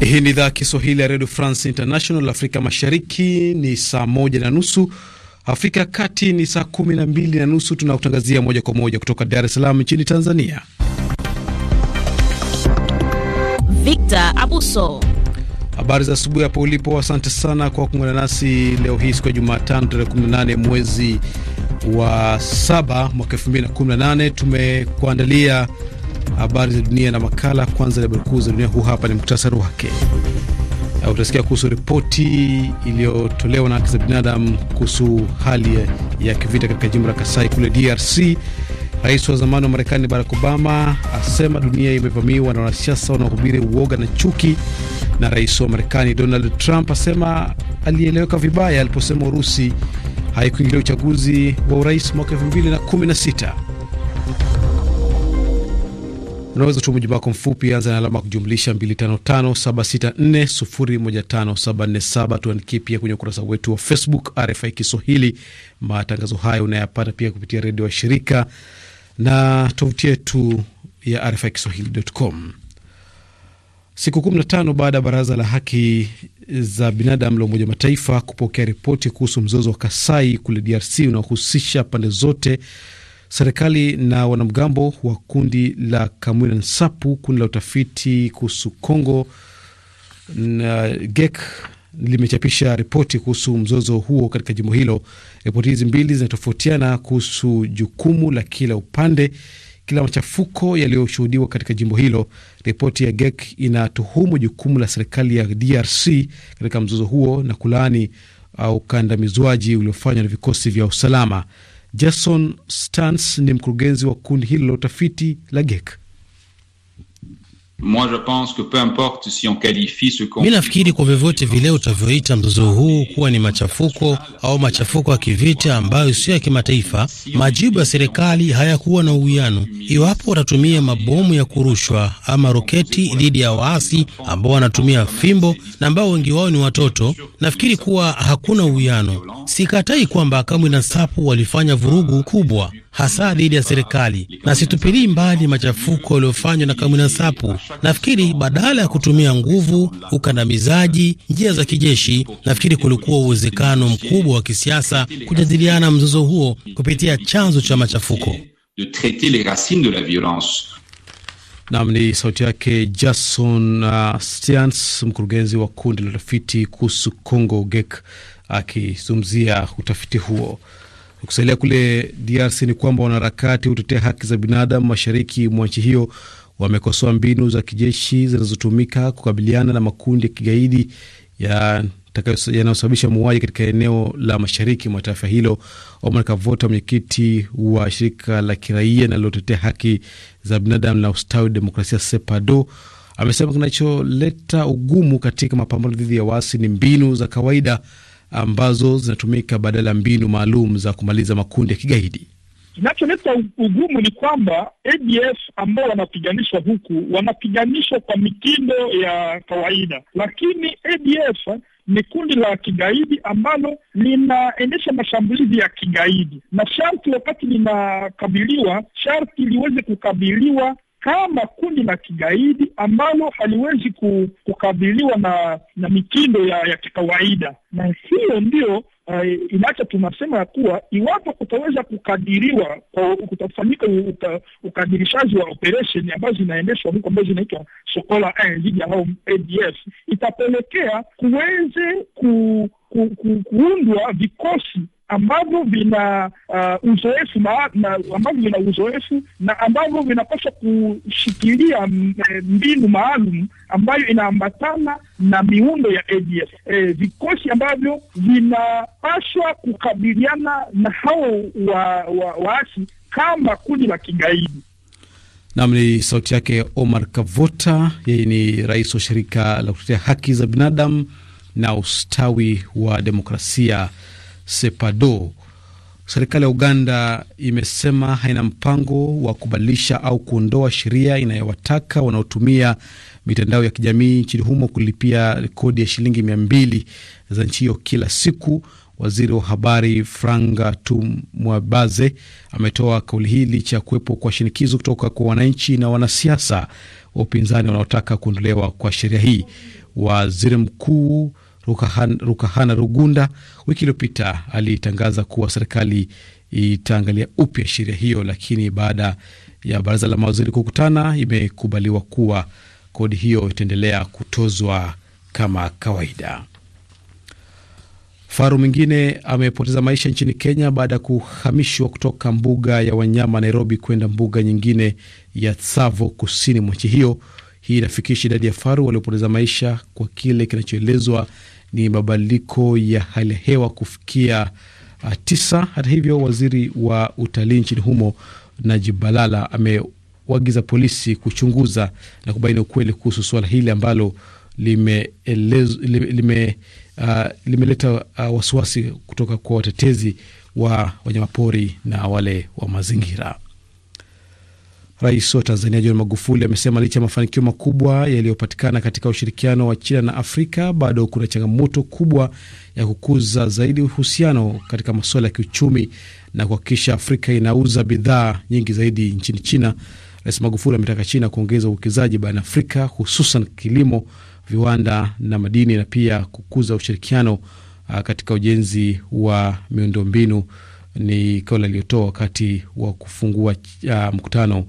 Hii ni idhaa Kiswahili ya redio France International. Afrika mashariki ni saa moja na nusu, Afrika ya kati ni saa kumi na mbili na nusu. Tunakutangazia moja kwa moja kutoka Dar es Salaam nchini Tanzania. Victor Abuso, habari za asubuhi hapo ulipo. Asante sana kwa kuungana nasi leo hii siku ya Jumatano tarehe 18 mwezi wa saba mwaka 2018 tumekuandalia habari za dunia na makala. Kwanza habari kuu za dunia, huu hapa ni muktasari wake. Utasikia kuhusu ripoti iliyotolewa na haki za binadamu kuhusu hali ya kivita katika jimbo la Kasai kule DRC. Rais wa zamani wa Marekani Barack Obama asema dunia imevamiwa na wanasiasa wanaohubiri uoga na chuki, na rais wa Marekani Donald Trump asema alieleweka vibaya aliposema Urusi haikuingilia uchaguzi wa urais mwaka 2016. Unaweza kutuma ujumbe wako mfupi, anza na alama kujumlisha 255764015747. Tuandikie pia kwenye ukurasa wetu wa Facebook RFI Kiswahili. Matangazo haya unayapata pia kupitia redio wa shirika na tovuti yetu ya RFI Kiswahili.com. Siku 15 baada ya baraza la haki za binadamu la Umoja wa Mataifa kupokea ripoti kuhusu mzozo wa Kasai kule DRC unaohusisha pande zote Serikali na wanamgambo wa kundi la Kamwina Nsapu, kundi la utafiti kuhusu congo na GEK limechapisha ripoti kuhusu mzozo huo katika jimbo hilo. Ripoti hizi mbili zinatofautiana kuhusu jukumu la kila upande kila machafuko yaliyoshuhudiwa katika jimbo hilo. Ripoti ya GEK inatuhumu jukumu la serikali ya DRC katika mzozo huo na kulaani ukandamizwaji uliofanywa na vikosi vya usalama. Jason Stans ni mkurugenzi wa kundi hilo la utafiti la GEK. Mi nafikiri kwa vyovyote vile utavyoita mzozo huu kuwa ni machafuko au machafuko ya kivita ambayo sio ya kimataifa, majibu ya serikali hayakuwa na uwiano. Iwapo watatumia mabomu ya kurushwa ama roketi dhidi ya waasi ambao wanatumia fimbo na ambao wengi wao ni watoto, nafikiri kuwa hakuna uwiano. Sikatai kwamba Kamwina Nsapu walifanya vurugu kubwa hasa dhidi ya serikali, na situpilii mbali machafuko yaliyofanywa na Kamwina Nsapu. Nafikiri badala ya kutumia nguvu, ukandamizaji, njia za kijeshi, nafikiri kulikuwa uwezekano mkubwa wa kisiasa kujadiliana mzozo huo kupitia chanzo cha machafuko. Nam ni sauti yake Jason uh, Stearns, mkurugenzi wa kundi la utafiti kuhusu Congo GEC akizungumzia utafiti huo kusalia kule DRC ni kwamba wanaharakati hutetea haki za binadamu mashariki mwa nchi hiyo wamekosoa mbinu za kijeshi zinazotumika kukabiliana na makundi ya kigaidi yanayosababisha mauaji katika eneo la mashariki mwa taifa hilo. Omar Kavota, mwenyekiti wa shirika la kiraia linalotetea haki za binadamu na ustawi wa demokrasia SEPADO, amesema kinacholeta ugumu katika mapambano dhidi ya waasi ni mbinu za kawaida ambazo zinatumika badala ya mbinu maalum za kumaliza makundi ya kigaidi. Kinacholeta ugumu ni kwamba ADF ambao wanapiganishwa huku wanapiganishwa kwa mitindo ya kawaida, lakini ADF ni kundi la kigaidi ambalo linaendesha mashambulizi ya kigaidi, na sharti wakati linakabiliwa, sharti liweze kukabiliwa kama kundi la kigaidi ambalo haliwezi kukabiliwa na na mitindo ya, ya kikawaida, na hiyo ndio uh, eh, inacha tunasema ya kuwa iwapo kutaweza kukadiriwa kutafanyika uka, ukadirishaji wa operation ambazo zinaendeshwa huko ambazo zinaitwa Sokola dhidi ya hao itapelekea kuweze ku, ku, ku, kuundwa vikosi ambavyo vina uh, uzoefu na, na ambavyo vina uzoefu na ambavyo vinapaswa kushikilia mm, eh, mbinu maalum ambayo inaambatana na miundo ya ADF. E, eh, vikosi ambavyo vinapaswa kukabiliana na hao waasi wa, wa kama kundi la kigaidi. Nam ni sauti yake Omar Kavota, yeye ni rais wa shirika la kutetea haki za binadamu na ustawi wa demokrasia SEPADO. Serikali ya Uganda imesema haina mpango wa kubadilisha au kuondoa sheria inayowataka wanaotumia mitandao ya kijamii nchini humo kulipia kodi ya shilingi mia mbili za nchi hiyo kila siku. Waziri wa habari Franga Tumwabaze ametoa kauli hii licha ya kuwepo kwa shinikizo kutoka kwa wananchi na wanasiasa wa upinzani wanaotaka kuondolewa kwa sheria hii. Waziri mkuu Rukahana, Rukahana Rugunda wiki iliyopita alitangaza kuwa serikali itaangalia upya sheria hiyo, lakini baada ya baraza la mawaziri kukutana, imekubaliwa kuwa kodi hiyo itaendelea kutozwa kama kawaida. Faru mwingine amepoteza maisha nchini Kenya baada ya kuhamishwa kutoka mbuga ya wanyama Nairobi kwenda mbuga nyingine ya Tsavo kusini mwa nchi hiyo. Hii inafikisha idadi ya faru waliopoteza maisha kwa kile kinachoelezwa ni mabadiliko ya hali ya hewa kufikia uh, tisa. Hata hivyo, waziri wa utalii nchini humo Najib Balala amewagiza polisi kuchunguza na kubaini ukweli kuhusu suala hili ambalo ah, limeleta lime, uh, ah, lime uh, wasiwasi kutoka kwa watetezi wa wanyamapori na wale wa mazingira. Rais wa Tanzania John Magufuli amesema licha ya mafanikio makubwa yaliyopatikana katika ushirikiano wa China na Afrika, bado kuna changamoto kubwa ya kukuza zaidi uhusiano katika masuala ya kiuchumi na kuhakikisha Afrika inauza bidhaa nyingi zaidi nchini China. Rais Magufuli ametaka China kuongeza uwekezaji barani Afrika, hususan kilimo, viwanda na madini, na pia kukuza ushirikiano ah, katika ujenzi wa miundombinu. Ni kauli aliyotoa wakati wa kufungua uh, mkutano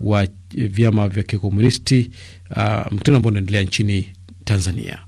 wa vyama vya kikomunisti uh, mkutano ambao unaendelea nchini Tanzania.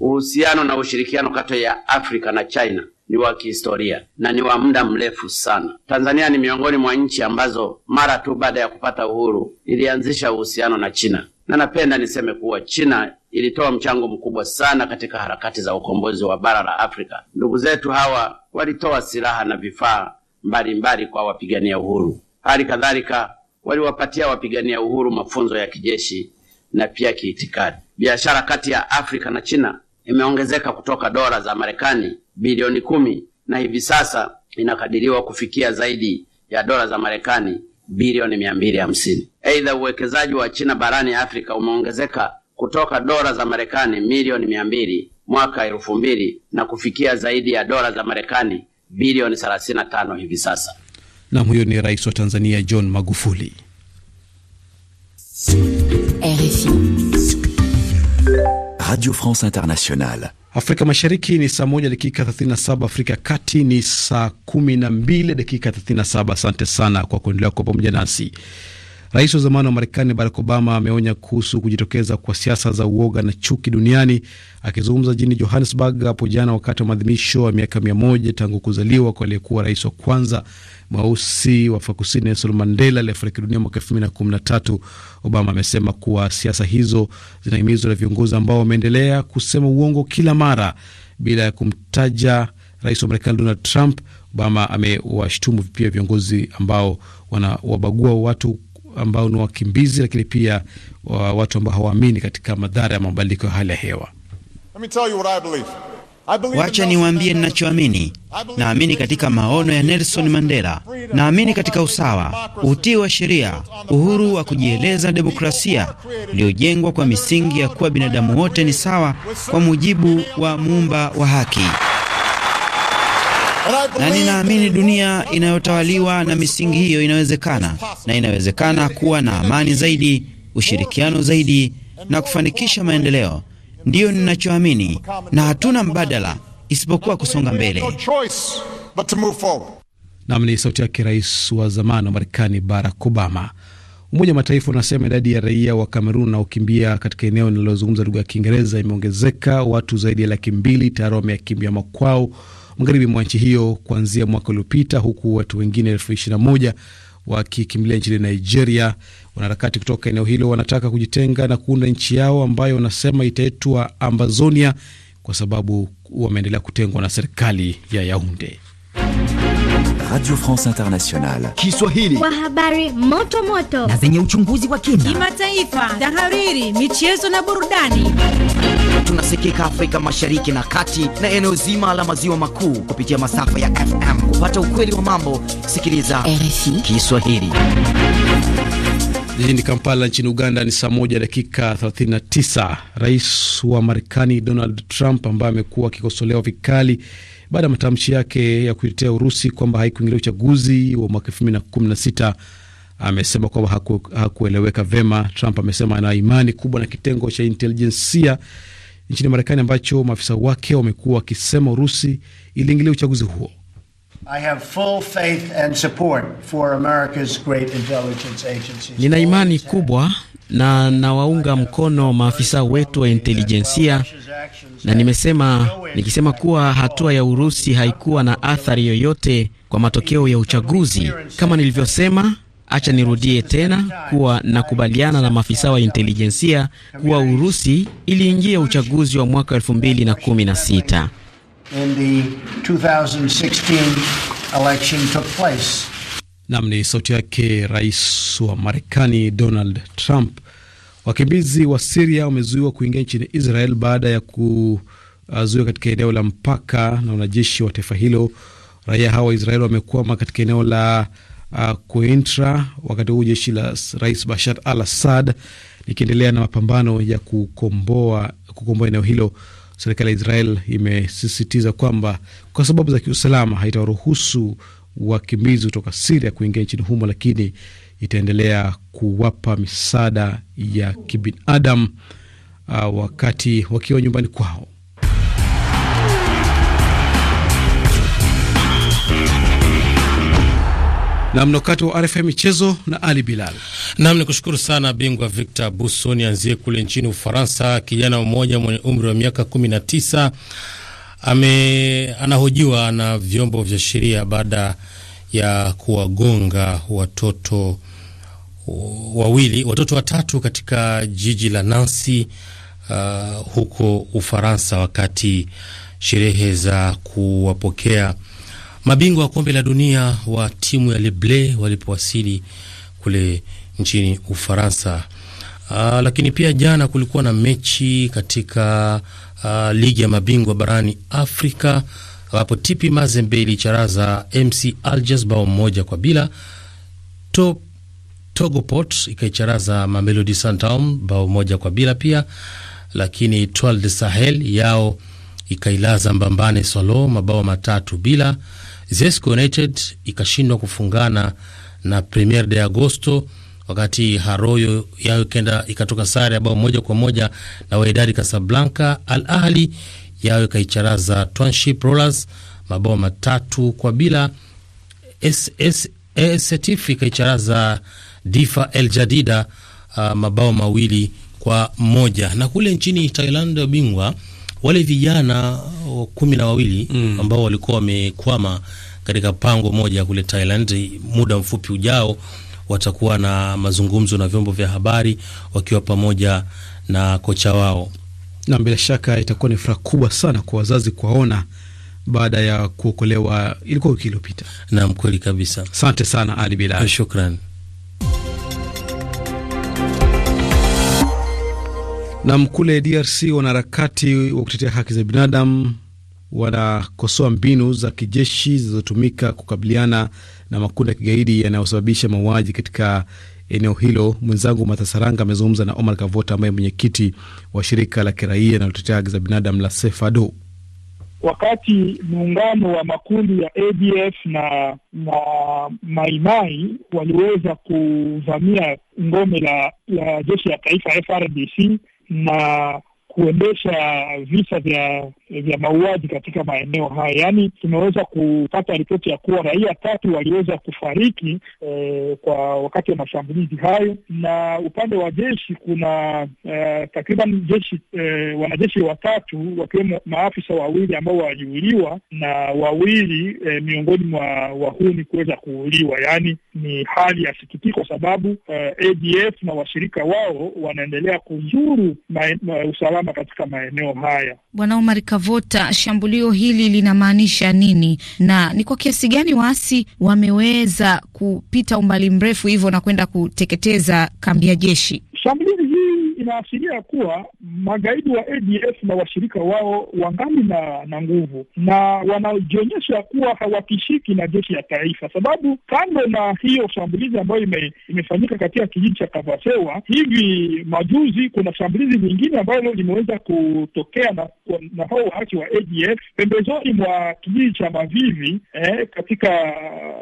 Uhusiano na ushirikiano kati ya Afrika na China ni wa kihistoria na ni wa muda mrefu sana. Tanzania ni miongoni mwa nchi ambazo mara tu baada ya kupata uhuru ilianzisha uhusiano na China, na napenda niseme kuwa China ilitoa mchango mkubwa sana katika harakati za ukombozi wa bara la Afrika. Ndugu zetu hawa walitoa silaha na vifaa mbalimbali kwa wapigania uhuru. Hali kadhalika waliwapatia wapigania uhuru mafunzo ya kijeshi na pia kiitikadi. Biashara kati ya Afrika na China imeongezeka kutoka dola za Marekani bilioni kumi na hivi sasa inakadiriwa kufikia zaidi ya dola za Marekani bilioni mia mbili hamsini. Aidha, uwekezaji wa China barani Afrika umeongezeka kutoka dola za Marekani milioni mia mbili mwaka elfu mbili na kufikia zaidi ya dola za Marekani bilioni 35 hivi sasa. Nam, huyo ni rais wa Tanzania John Magufuli. RFI Radio France Internationale. Afrika Mashariki ni saa moja dakika 37, Afrika ya Kati ni saa 12 dakika 37. Asante sana kwa kuendelea kwa pamoja nasi. Rais wa zamani wa Marekani Barack Obama ameonya kuhusu kujitokeza kwa siasa za uoga na chuki duniani. Akizungumza jijini Johannesburg hapo jana wakati wa maadhimisho ya miaka mia moja tangu kuzaliwa kwa aliyekuwa rais wa kwanza mweusi wa Afrika Kusini Nelson Mandela aliyefariki dunia mwaka elfu mbili na kumi na tatu. Obama amesema kuwa siasa hizo zinahimizwa na viongozi ambao wameendelea kusema uongo kila mara bila ya kumtaja rais wa Marekani Donald Trump. Obama amewashtumu pia viongozi ambao wanawabagua watu ambao ni wakimbizi, lakini pia wa watu ambao hawaamini katika madhara ya mabadiliko ya hali ya hewa. Wacha niwaambie ninachoamini. Naamini katika maono ya Nelson Mandela. Naamini katika usawa, utii wa sheria, uhuru wa kujieleza, demokrasia iliyojengwa kwa misingi ya kuwa binadamu wote ni sawa kwa mujibu wa muumba wa haki na ninaamini dunia inayotawaliwa na misingi hiyo inawezekana, na inawezekana kuwa na amani zaidi, ushirikiano zaidi na kufanikisha maendeleo. Ndiyo ninachoamini, na hatuna mbadala isipokuwa kusonga mbele. Nam ni sauti yake rais wa zamani wa Marekani Barack Obama. Umoja wa Mataifa unasema idadi ya raia wa Kamerun wanaokimbia katika eneo linalozungumza lugha ya Kiingereza imeongezeka. Watu zaidi ya laki mbili tayari wamekimbia makwao magharibi mwa nchi hiyo kuanzia mwaka uliopita, huku watu wengine elfu ishirini na moja wakikimbilia nchini Nigeria. Wanaharakati kutoka eneo hilo wanataka kujitenga na kuunda nchi yao ambayo wanasema itaitwa Ambazonia kwa sababu wameendelea kutengwa na serikali ya Yaunde. Radio France Internationale Kiswahili, kwa habari moto moto na zenye uchunguzi wa kina, kimataifa, tahariri, michezo na burudani tunasikika Afrika Mashariki na Kati na eneo zima la maziwa makuu kupitia masafa ya FM. Kupata ukweli wa mambo, sikiliza RFI Kiswahili. Jijini Kampala nchini Uganda ni saa moja dakika 39. Rais wa Marekani Donald Trump ambaye amekuwa akikosolewa vikali baada ya matamshi yake ya kuitetea Urusi kwamba haikuingilia uchaguzi wa mwaka sita amesema kwamba hakueleweka haku vema. Trump amesema ana imani kubwa na kitengo cha intelijensia nchini Marekani ambacho maafisa wake wamekuwa wakisema Urusi iliingilia uchaguzi huo. Nina imani kubwa na nawaunga mkono maafisa wetu wa intelijensia, na nimesema nikisema kuwa hatua ya Urusi haikuwa na athari yoyote kwa matokeo ya uchaguzi. Kama nilivyosema, Acha nirudie tena kuwa nakubaliana na maafisa wa intelijensia kuwa Urusi iliingia uchaguzi wa mwaka 2016. Nam ni sauti yake rais wa Marekani Donald Trump. Wakimbizi wa Siria wamezuiwa kuingia nchini Israel baada ya kuzuiwa katika eneo la mpaka na wanajeshi wa taifa hilo. Raia hawa wa Israel wamekwama katika eneo la uh, kuentra wakati huu jeshi la Rais Bashar al Assad likiendelea na mapambano ya kukomboa kukomboa eneo hilo. Serikali ya Israel imesisitiza kwamba kwa sababu za kiusalama haitawaruhusu wakimbizi kutoka Siria kuingia nchini humo, lakini itaendelea kuwapa misaada ya kibinadamu uh, wakati wakiwa nyumbani kwao. Nam wakati wa RFM michezo na Ali Bilal. Nam ni kushukuru sana bingwa Victor Buso. Nianzie kule nchini Ufaransa. Kijana mmoja mwenye umri wa miaka kumi ame anahojiwa na vyombo vya sheria baada ya kuwagonga watoto wawili watoto watatu katika jiji la Nancy uh, huko Ufaransa wakati sherehe za kuwapokea Mabingwa wa kombe la dunia wa timu ya Leble walipowasili kule nchini Ufaransa. Uh, lakini pia jana kulikuwa na mechi katika uh, ligi ya mabingwa barani Afrika ambapo TP Mazembe ilicharaza MC Alger bao moja kwa bila. To, Togoport ikaicharaza Mamelodi Santam bao moja kwa bila pia, lakini Etoile de Sahel yao ikailaza Mbambane Solo mabao matatu bila Zesco United ikashindwa kufungana na Premier de Agosto, wakati Haroyo yao ikenda ikatoka sare ya bao moja kwa moja na Wydad Casablanca. Al Ahli yao ikaicharaza Township Rollers mabao matatu kwa bila. Setif ikaicharaza Difa El Jadida uh, mabao mawili kwa moja. Na kule nchini Thailand, bingwa wale vijana kumi na wawili mm. ambao walikuwa wamekwama katika pango moja kule Thailand, muda mfupi ujao watakuwa na mazungumzo na vyombo vya habari wakiwa pamoja na kocha wao, na bila shaka itakuwa ni furaha kubwa sana kwa wazazi kuwaona baada ya kuokolewa. Ilikuwa wiki iliyopita. Naam, kweli kabisa. Asante sana Ali Bilal, shukran. Nam kule DRC wanaharakati wa kutetea haki za binadamu wanakosoa mbinu za kijeshi zilizotumika kukabiliana na makundi ya kigaidi yanayosababisha mauaji katika eneo hilo. Mwenzangu Matasaranga amezungumza na Omar Kavota ambaye mwenyekiti wa shirika la kiraia linalotetea haki za binadamu la Sefado. Wakati muungano wa makundi ya ADF na na Maimai waliweza kuvamia ngome la, la jeshi la taifa FRDC 妈。kuendesha visa vya vya mauaji katika maeneo haya. Yaani, tumeweza kupata ripoti ya kuwa raia tatu waliweza kufariki e, kwa wakati wa mashambulizi hayo, na upande wa jeshi kuna e, takriban jeshi eh, wanajeshi watatu wakiwemo maafisa wawili ambao waliuliwa na wawili e, miongoni mwa wahuni kuweza kuuliwa. Yaani ni hali ya sikitiko kwa sababu e, ADF na washirika wao wanaendelea kuzuru ma, ma, usalama usalama katika maeneo haya. Bwana Omar Kavota, shambulio hili linamaanisha nini na ni kwa kiasi gani waasi wameweza kupita umbali mrefu hivyo na kwenda kuteketeza kambi ya jeshi? Shambulio hili inaashiria kuwa magaidi wa ADF na washirika wao wangali na na nguvu na wanajionyesha kuwa hawatishiki na jeshi ya taifa, sababu kando na hiyo shambulizi ambayo ime, imefanyika katika kijiji cha Kavasewa hivi majuzi, kuna shambulizi lingine ambalo limeweza kutokea na, na hao waasi wa ADF pembezoni mwa kijiji cha Mavivi eh, katika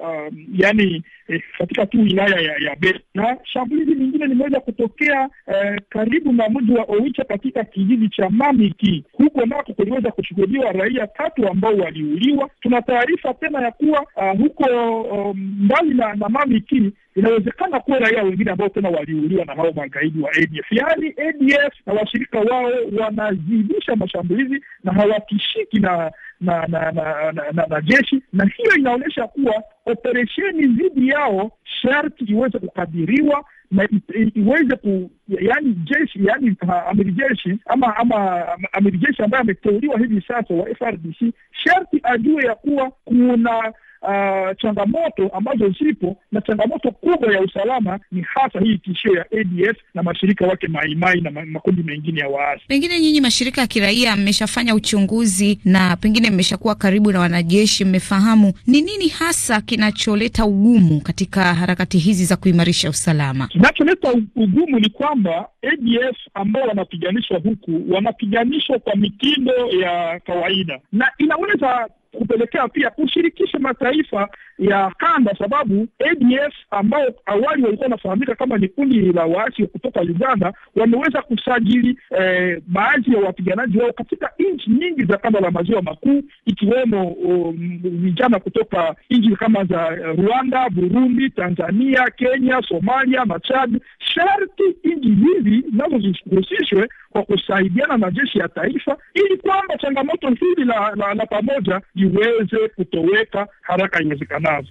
um, yani eh, katika tu wilaya ya, ya Beni na shambulizi lingine limeweza kutokea eh, karibu karibu maamuzi mji wa Oicha katika kijiji cha Mamiki, huko nako kuliweza kuchukuliwa raia tatu ambao waliuliwa. Tuna taarifa tena ya kuwa uh, huko um, mbali na, na Mamiki inawezekana kuwa raia wengine ambao tena waliuliwa na hao magaidi wa ADF. Yaani ADF na washirika wao wanazidisha mashambulizi na hawatishiki na na na na, na, na, na jeshi, na hiyo inaonyesha kuwa operesheni dhidi yao sharti iweze kukadiriwa na iweze ku yaani jeshi yaani amiri jeshi ama ama amiri jeshi ambaye ameteuliwa hivi sasa wa FRDC sharti ajue ya kuwa kuna Uh, changamoto ambazo zipo na changamoto kubwa ya usalama ni hasa hii tishio ya ADF na mashirika wake maimai na makundi mengine ya waasi. Pengine nyinyi mashirika ya kiraia mmeshafanya uchunguzi na pengine pengine mmeshakuwa karibu na wanajeshi, mmefahamu ni nini hasa kinacholeta ugumu katika harakati hizi za kuimarisha usalama. Kinacholeta ugumu ni kwamba ADF ambao wanapiganishwa huku wanapiganishwa kwa mitindo ya kawaida na inaweza kupelekea pia kushirikisha mataifa ya kanda, sababu ADF ambao awali walikuwa wanafahamika kama ni kundi la waasi kutoka Uganda wameweza kusajili eh, baadhi ya wapiganaji wao katika nchi nyingi za kanda la maziwa makuu ikiwemo um, vijana um, kutoka nchi kama za eh, Rwanda, Burundi, Tanzania, Kenya, Somalia na Chad. Sharti nchi hizi nazo zihusishwe kwa kusaidiana na jeshi ya taifa ili kwamba changamoto hili la, la, la pamoja ziweze kutoweka haraka iwezekanavyo.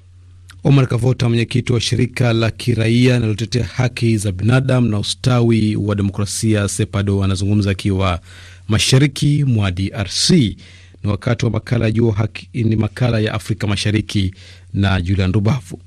Omar Kavota, mwenyekiti wa shirika la kiraia linalotetea haki za binadamu na ustawi wa demokrasia SEPADO, anazungumza akiwa mashariki mwa DRC. Ni wakati wa makala juu haki, ni makala ya Afrika Mashariki na Julian Rubavu.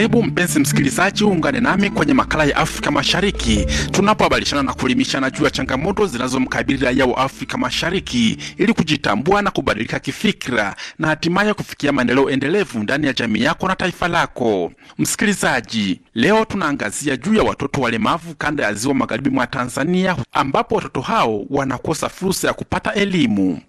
Karibu mpenzi msikilizaji, uungane nami kwenye makala ya Afrika Mashariki tunapobadilishana na kulimishana juu ya changamoto zinazomkabili raia wa Afrika Mashariki ili kujitambua na kubadilika kifikra na hatimaye kufikia maendeleo endelevu ndani ya jamii yako na taifa lako. Msikilizaji, leo tunaangazia juu ya watoto walemavu kanda ya Ziwa Magharibi mwa Tanzania, ambapo watoto hao wanakosa fursa ya kupata elimu.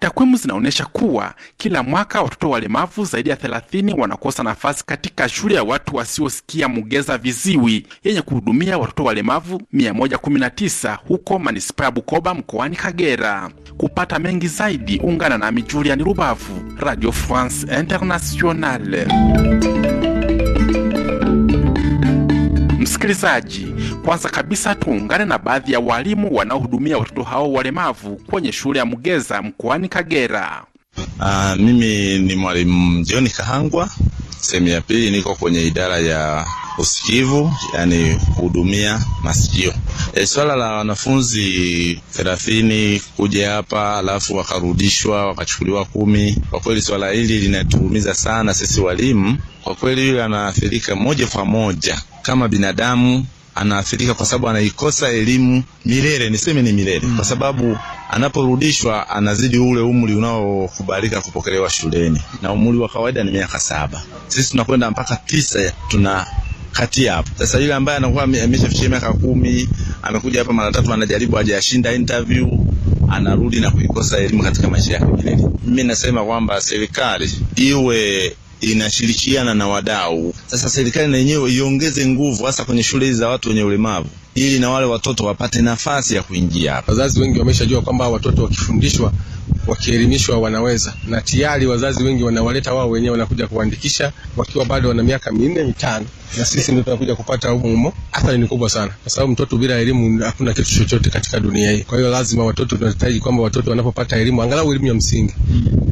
Takwimu zinaonyesha kuwa kila mwaka watoto walemavu zaidi ya 30 wanakosa nafasi katika shule ya watu wasiosikia Mugeza Viziwi yenye kuhudumia watoto walemavu 119 huko manispaa ya Bukoba mkoani Kagera. Kupata mengi zaidi, ungana nami Julian Rubavu, Radio France Internationale. Msikilizaji, kwanza kabisa tuungane na baadhi ya walimu wanaohudumia watoto hao walemavu kwenye shule ya Mugeza mkoani Kagera. Uh, mimi ni mwalimu Joni Kahangwa. Sehemu ya pili niko kwenye idara ya usikivu, yani kuhudumia masikio. E, swala la wanafunzi thelathini kuja hapa alafu wakarudishwa wakachukuliwa kumi, kwa kweli swala hili linatuumiza sana sisi walimu. Kwa kweli yule anaathirika moja kwa moja kama binadamu anaathirika kwa sababu anaikosa elimu milele, niseme ni milele mm. kwa sababu anaporudishwa anazidi ule umri unaokubalika kupokelewa shuleni, na umri wa kawaida ni miaka saba. Sisi tunakwenda mpaka tisa, tuna kati hapo. Sasa yule ambaye anakuwa ameshafikia miaka kumi amekuja hapa mara tatu, anajaribu hajashinda interview, anarudi na kuikosa elimu katika maisha yake milele. Mimi nasema kwamba serikali iwe inashirikiana na wadau. Sasa serikali na yenyewe iongeze nguvu hasa kwenye shule hizi za watu wenye ulemavu ili na wale watoto wapate nafasi ya kuingia. Wazazi wengi wameshajua kwamba watoto wakifundishwa wakielimishwa wanaweza, na tayari wazazi wengi wanawaleta wao wenyewe, wanakuja kuandikisha wakiwa bado wana miaka minne mitano, na sisi ndio tunakuja kupata humo. Athari ni kubwa sana, kwa sababu mtoto bila elimu hakuna kitu chochote katika dunia hii. Kwa hiyo lazima watoto, tunahitaji kwamba watoto wanapopata elimu, angalau elimu ya msingi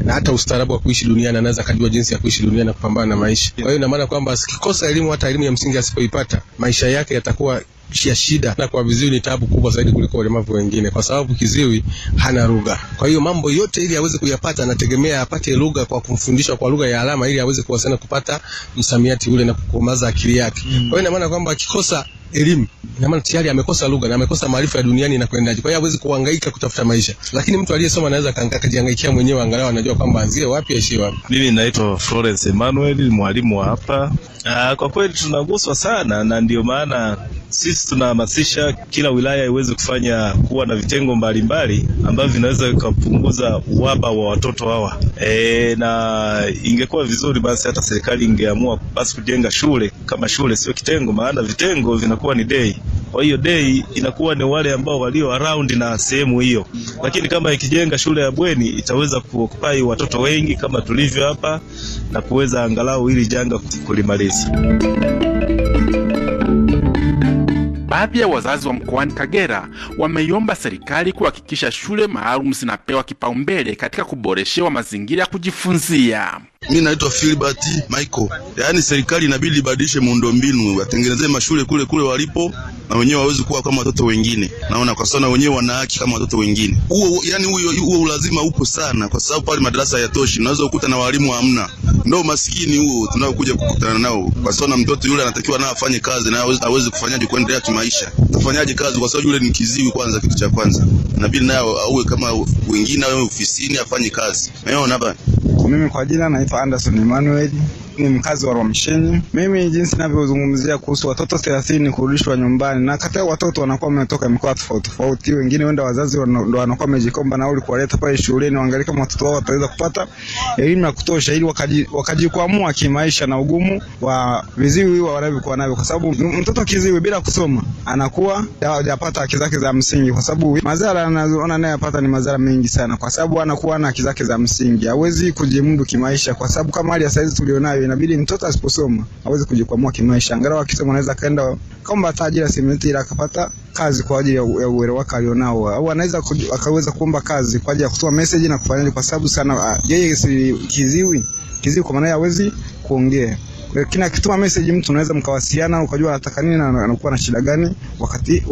na hata ustaarabu wa kuishi duniani, anaweza kujua jinsi ya kuishi duniani na kupambana na maisha. Kwa hiyo ina maana kwamba sikikosa elimu, hata elimu ya msingi asipoipata, maisha yake yatakuwa kumsababishia shida, na kwa viziwi ni tabu kubwa zaidi kuliko walemavu wengine, kwa sababu kiziwi hana lugha. Kwa hiyo mambo yote ili aweze kuyapata, anategemea apate lugha kwa kumfundishwa kwa lugha ya alama, ili aweze kuwasiliana kupata msamiati ule na kukomaza akili yake. Mm. Kwa hiyo ina maana kwamba akikosa elimu, ina maana tayari amekosa lugha na amekosa maarifa ya duniani na inakwendaje. Kwa hiyo hawezi kuhangaika kutafuta maisha, lakini mtu aliyesoma anaweza akajihangaikia mwenyewe, angalau anajua kwamba anzie wapi aishie wapi. Mimi naitwa Florence Emmanuel, mwalimu wa hapa. Ah, kwa kweli tunaguswa sana na ndio maana sisi tunahamasisha kila wilaya iweze kufanya kuwa na vitengo mbalimbali ambavyo vinaweza kupunguza uhaba wa watoto hawa e, na ingekuwa vizuri basi hata serikali ingeamua basi kujenga shule kama shule, sio kitengo, maana vitengo vina inakuwa ni day. Kwa hiyo day inakuwa ni wale ambao walio around na sehemu hiyo, lakini kama ikijenga shule ya bweni itaweza kuokupai watoto wengi kama tulivyo hapa na kuweza angalau ili janga kulimaliza. Baadhi ya wazazi wa mkoani Kagera wameiomba serikali kuhakikisha shule maalum zinapewa kipaumbele katika kuboreshewa mazingira ya kujifunzia. mi naitwa Philbert Michael. Yaani serikali inabidi ibadilishe muundombinu, watengeneze mashule kule kule walipo na wenyewe hawezi kuwa kama watoto wengine. Naona kwa sababu na wenyewe wana haki kama watoto wengine. Huo yani huo huo ulazima upo sana, kwa sababu pale madarasa hayatoshi, unaweza kukuta na walimu hamna. Ndio maskini huo tunaokuja kukutana nao, kwa sababu na mtoto yule anatakiwa na afanye kazi na hawezi kufanyaje kuendelea kimaisha. Tufanyaje kazi? Kwa sababu yule ni kiziwi, kwanza, kitu cha kwanza, na pili nayo awe kama wengine, awe ofisini afanye kazi. Naona hapa Mimi kwa jina naitwa Anderson Emmanuel ni mkazi wa Rwamshenye. Mimi jinsi ninavyozungumzia kuhusu watoto 30 kurudishwa nyumbani, na kati watoto wanakuwa wametoka mikoa tofauti tofauti, wengine wenda wazazi ndo wanakuwa wamejikomba nauli kuwaleta pale shuleni, waangalie kama watoto wao wataweza kupata elimu ya kutosha, ili wakajikwamua wakaji kimaisha na ugumu wa viziwi wanavyokuwa navyo, kwa sababu mtoto kiziwi bila kusoma anakuwa hajapata haki zake za msingi, kwa sababu madhara anaona naye apata ni madhara mengi sana, kwa sababu anakuwa na haki zake za msingi, hawezi kujimudu kimaisha, kwa sababu kama hali ya saizi tulionayo inabidi mtoto asiposoma aweze kujikwamua kimaisha. Angalau akisoma anaweza kaenda kaomba hata ajira simenti, ila akapata kazi kwa ajili ya uwezo wake alionao, au anaweza akaweza kuomba kazi kwa ajili ya kutoa message na kufanya, kwa sababu sana yeye si kiziwi, kiziwi kwa maana hawezi kuongea lakini akituma message mtu unaweza mkawasiliana ukajua anataka nini na anakuwa na shida gani wakati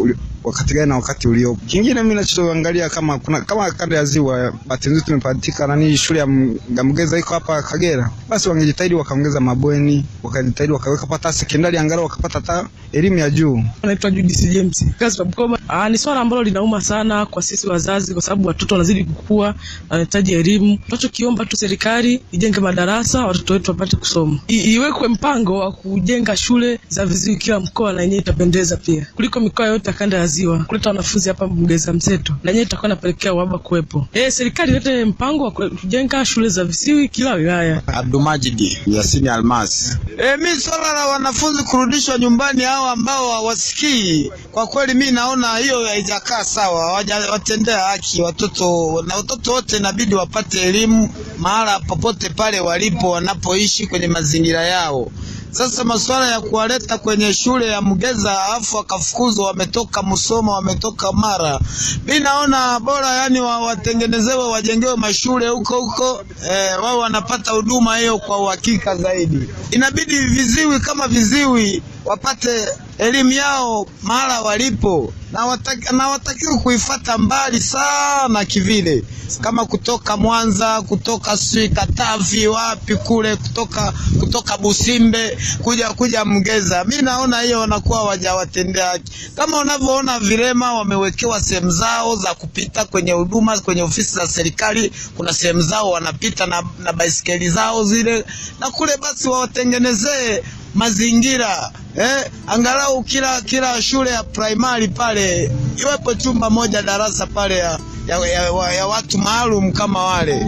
wakati gani na wakati ulio. Kingine mimi nachoangalia kama kuna kama kanda ya ziwa bahati nzuri tumepatika ni shule ya Ngamgeza iko hapa Kagera, basi wangejitahidi wakaongeza mabweni, wakajitahidi wakaweka pata sekondari angalau wakapata hata elimu ya juu. Naitwa Judith James kazi Mkoma. Ah, ni swala ambalo linauma sana kwa sisi wazazi, kwa sababu watoto wanazidi kukua, wanahitaji elimu. Tunachokiomba tu serikali ijenge madarasa watoto wetu wapate kusoma, iwekwe mpango wa kujenga shule za viziwi kila mkoa, na yenyewe itapendeza pia kuliko mikoa yote ya kanda ya maziwa kuleta wanafunzi hapa Mgeza Mseto, na yeye itakuwa inapelekea uhaba kuwepo. Eh, serikali ilete mpango wa kujenga shule za visiwi kila wilaya. Abdumajidi Yasini Almas. Eh, mimi swala la wanafunzi kurudishwa nyumbani hao ambao hawasikii, kwa kweli mimi naona hiyo haijakaa sawa, hawajawatendea haki watoto, na watoto wote inabidi wapate elimu mahala popote pale walipo wanapoishi kwenye mazingira yao. Sasa masuala ya kuwaleta kwenye shule ya Mgeza afu akafukuzwa, wametoka Musoma, wametoka Mara, mi naona bora yani watengenezewe, wajengewe mashule huko huko, eh, wao wanapata huduma hiyo kwa uhakika zaidi. Inabidi viziwi kama viziwi wapate elimu yao mahala walipo na, watakiwa na watakiwe kuifata mbali sana kivile, kama kutoka Mwanza, kutoka sui Katavi, wapi kule, kutoka kutoka Busimbe kuja kuja Mgeza. Mi naona hiyo wanakuwa wajawatendea haki, kama unavyoona vilema wamewekewa sehemu zao za kupita kwenye huduma, kwenye ofisi za serikali kuna sehemu zao wanapita na, na baisikeli zao zile, na kule basi wawatengenezee mazingira eh, angalau kila kila shule ya primary pale iwepo chumba moja darasa pale ya, ya, ya, ya watu maalum kama wale.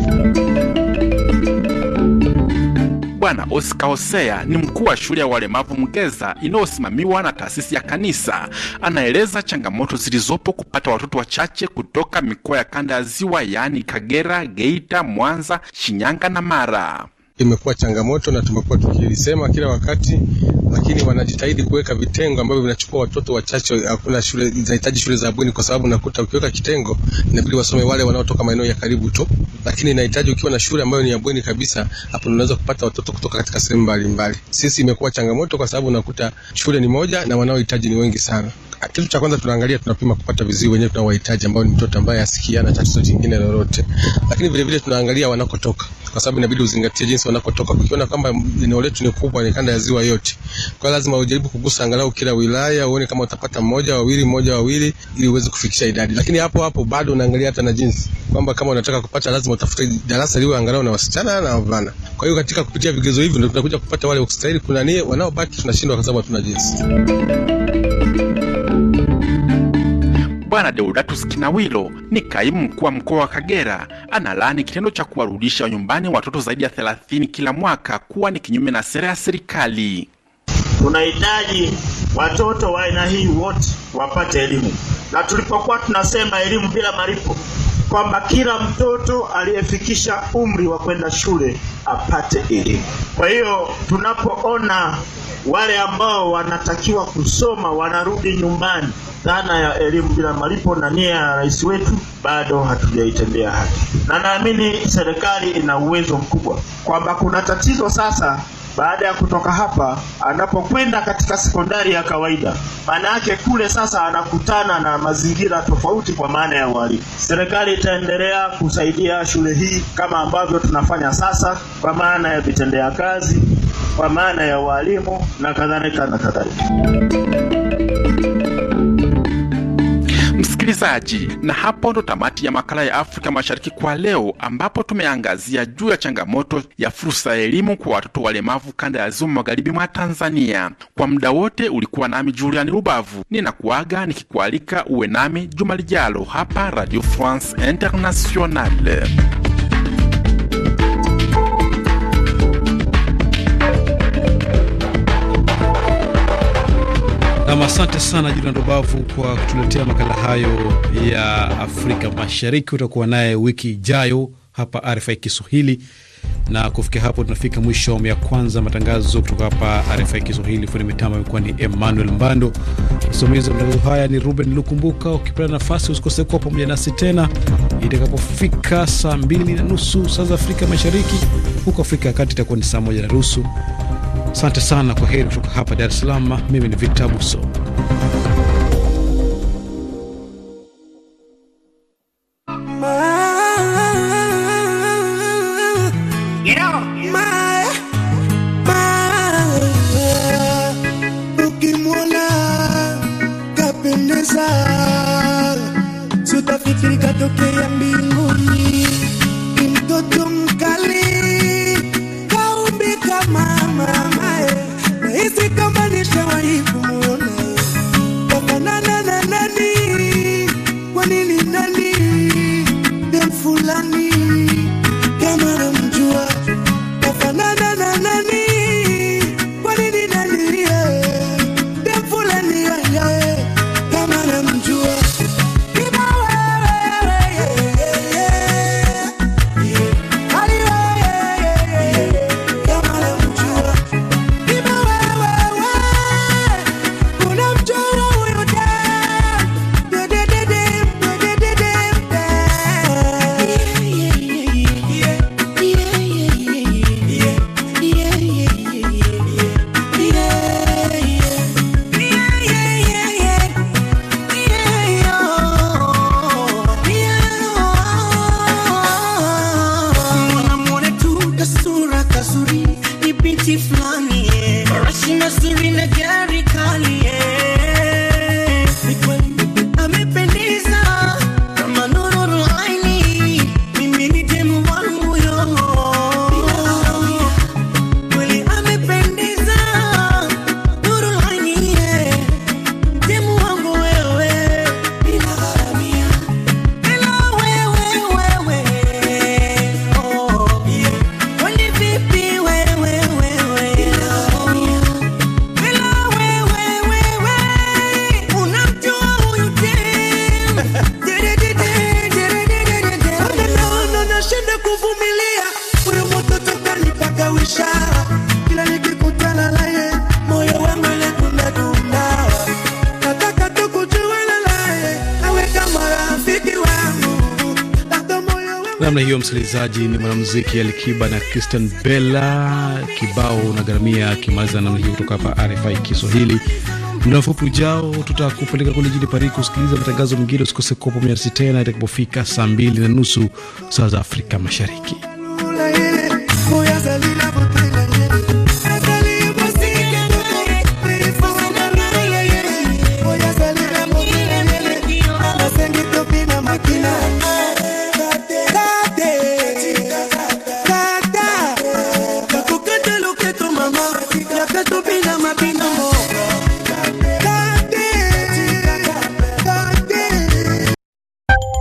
Bwana Oscar Hosea ni mkuu wa shule ya walemavu Mgeza inayosimamiwa na taasisi ya kanisa. Anaeleza changamoto zilizopo kupata watoto wachache kutoka mikoa ya kanda ya Ziwa, yaani Kagera, Geita, Mwanza, Shinyanga na Mara imekuwa changamoto na tumekuwa tukilisema kila wakati, lakini wanajitahidi kuweka vitengo ambavyo vinachukua watoto wachache. Hakuna shule zinahitaji shule za bweni, kwa sababu nakuta ukiweka kitengo inabidi wasome wale wanaotoka maeneo ya karibu tu, lakini inahitaji ukiwa na shule ambayo ni ya bweni kabisa, hapo unaweza kupata watoto kutoka katika sehemu mbalimbali. Sisi imekuwa changamoto, kwa sababu nakuta shule ni moja na wanaohitaji ni wengi sana. Kitu cha kwanza tunaangalia, tunapima kupata viziwi wenyewe tunawahitaji, ambao ni mtoto ambaye asikia na tatizo jingine lolote, lakini vile vile tunaangalia wanakotoka, kwa sababu inabidi uzingatie jinsi wanakotoka. Ukiona kwamba eneo letu ni kubwa, ni kanda ya ziwa yote, kwa lazima ujaribu kugusa angalau kila wilaya, uone kama utapata mmoja wawili, mmoja wawili, ili uweze kufikisha idadi. Lakini hapo hapo bado unaangalia hata na jinsi kwamba kama unataka kupata, lazima utafute darasa liwe angalau na wasichana na wavulana. Kwa hiyo katika kupitia vigezo hivyo ndio tunakuja kupata wale wakustahili. Kuna nie wanaobaki tunashindwa kwa sababu hatuna jinsi. Bwana Deodatus Kinawilo ni kaimu mkuu wa mkoa wa Kagera analaani kitendo cha kuwarudisha nyumbani watoto zaidi ya thelathini kila mwaka kuwa ni kinyume na sera ya serikali. Tunahitaji watoto wa aina hii wote wapate elimu, na tulipokuwa tunasema elimu bila malipo, kwamba kila mtoto aliyefikisha umri wa kwenda shule apate elimu. Kwa hiyo tunapoona wale ambao wanatakiwa kusoma wanarudi nyumbani. Dhana ya elimu bila malipo na nia ya rais wetu bado hatujaitendea haki, na naamini serikali ina uwezo mkubwa kwamba kuna tatizo sasa baada ya kutoka hapa anapokwenda katika sekondari ya kawaida, maana yake kule sasa anakutana na mazingira tofauti kwa maana ya walimu. Serikali itaendelea kusaidia shule hii kama ambavyo tunafanya sasa, kwa maana ya vitendea kazi kwa maana ya walimu na kadhalika na kadhalika Msikilizaji, na hapo ndo tamati ya makala ya Afrika Mashariki kwa leo, ambapo tumeangazia juu ya changamoto ya fursa ya elimu kwa watoto walemavu kanda ya Ziwa magharibi mwa Tanzania. Kwa muda wote ulikuwa nami Juliani Rubavu, ninakuaga nikikualika uwe nami juma lijalo hapa Radio France Internationale. Nam, asante sana Julian Rubavu kwa kutuletea makala hayo ya Afrika Mashariki. Utakuwa naye wiki ijayo hapa RFI Kiswahili. Na kufikia hapo, tunafika mwisho awamu ya kwanza matangazo kutoka hapa RFI Kiswahili. Fundi mitambo amekuwa ni Emmanuel Mbando, msimamizi wa matangazo haya ni Ruben Lukumbuka. Ukipata nafasi, usikose kuwa pamoja nasi tena itakapofika saa mbili na nusu saa za Afrika Mashariki. Huko Afrika ya Kati itakuwa ni saa moja na nusu. Asante sana, kwa heri kutoka hapa Dar es Salaam. Mimi ni Victor Abuso. kapendeza, sutafikiri katokea mbinguni. namna hiyo, msikilizaji, ni mwanamuziki Alikiba na Christian Bella, kibao na garamia kimaliza namna hiyo, kutoka hapa RFI Kiswahili. Muda mfupi ujao tutakupeleka kule jijini Paris kusikiliza matangazo mengine. Usikose kopo miarsi tena itakapofika saa mbili na nusu saa za Afrika Mashariki.